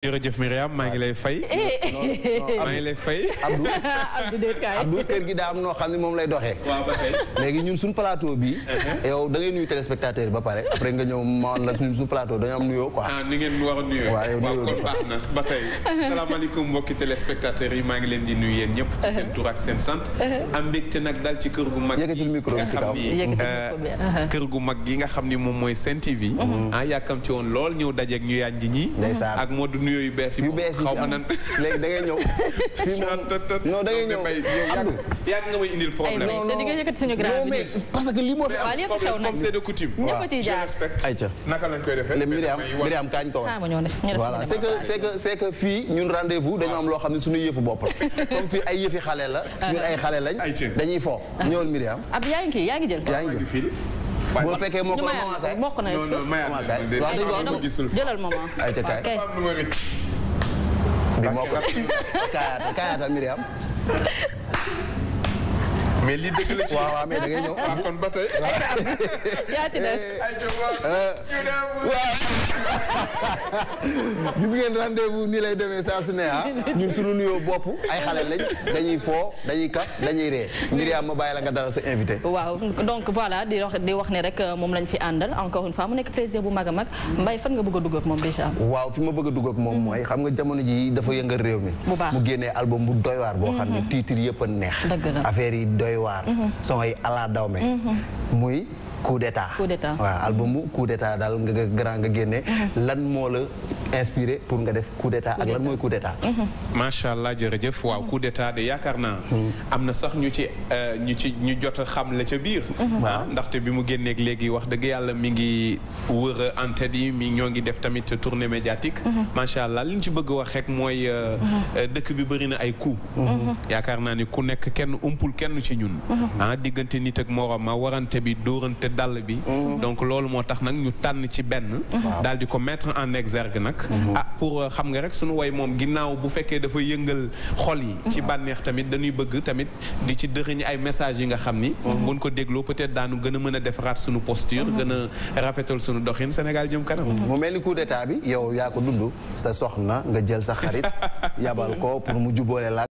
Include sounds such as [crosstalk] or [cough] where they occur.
jërëjëf Myriam maa ngi lay fay. Eh. maa ngi lay fay. Abdou [laughs] Abdou kër gi daa am noo xam ne moom lay doxee. léegi ñun suñu plateau bi uh-huh. yow da ngay nuyu téléspectateur yi ba pare après nga ñëw ma la ñun suñu am nuyoo quoi. ah ni ngeen war a nuyoo. waaw kon baax na ba tey. Uh-huh. salaamaaleykum mbokki téléspectateur yi maa ngi leen di nuyu yéen ñëpp. ci uh-huh. ak seen sant. am nag dal ci kër gu mag. yëkkatil micro bi euh, kër gu mag gi nga xam ni moom mooy Sen TV. ah yàkkam ci woon lool ñëw dajeeg ñu yànji ñi ak Modou nuyoo yu bees yi. yu bees yi ñëw. [laughs] fii moom ñëw Abdou. yàgg nga may indil li moo fi am problème comme c'est de Miriam Miriam kaañ ko c'est que fii ñun rendez dañu am loo xam ne suñu yëfu bopp comme fii ay yëfi xale la ñun ay xale lañ. dañuy fo ah. ñëwal Miriam. ab yaa ngi kii ngi jël. yaa ngi bu fekkee moo ko moo ko non non mayat gisul jëlal maman bi moo ko [laughs] kaayaatal kaayaatal Myriam mais lii dëgg la ci waaw waaw mais da ngay ñëw ah, [laughs] gis ngeen rendez-vous nii lay demee saa su ne ah ñun suñu bopp ay xale lañ dañuy foo dañuy kaf dañuy ree Myriam ma bàyyi la nga dalal sa invité waaw donc voilà di wax di wax ne rek euh, moom lañ fi àndal encore une fois mu nekk président bu mag a mag Mbaye fan nga bëgg a dugg moom déjà waaw fi ma bëgg a dugg moom mooy xam nga jamono ji dafa yëngal réew mi mu baax génnee album bu doy waar boo xam ne mhm. titre yëpp neex affaire yi doy waar mhm. son ay ala dawme mhm. muy coup d'état waaw album bu coup d'état daal nga grand nga génne [laughs] inspiré pour nga def coup d'état ak lan mooy coup d'état macha allah jërëjëf waaw coup d'état de yaakaar naa mm-hmm. am na sax ñu ci euh, ñu ci ñu jot xam la ca biir mm-hmm. ah ndaxte bi mu génneeg léegi wax dëgg yàlla mi ngi wër a entête yi mi ñoo ngi def tamit tournée médiatique mm-hmm. macha allah li ñu ci bëgg wax rek mooy euh, euh, dëkk bi bëri na ay coup yaakaar naa ni ku nekk kenn umpul kenn ci ñun ah, diggante nit ak moroom ma ah, warante bi doorante dàll bi donc loolu moo tax nag ñu tànn ci benn di ko mettre en nag ñàkk mhm. ah pour euh, xam nga rek sunu way moom ginnaaw bu fekkee dafa yëngal xol yi ci mhm. bànneex tamit dañuy bëgg tamit di ci dëxëñ ay message yi nga xam ni mhm. buñ ko dégloo peut-être daanu gën a mën a defaraat sunu posture gën rafetal sunu doxin Sénégal jëm kanam mu mel ni coup d'état bi yow yaa ko dund sa soxna nga jël sa xarit [laughs] yabal ko pour mu jubóole la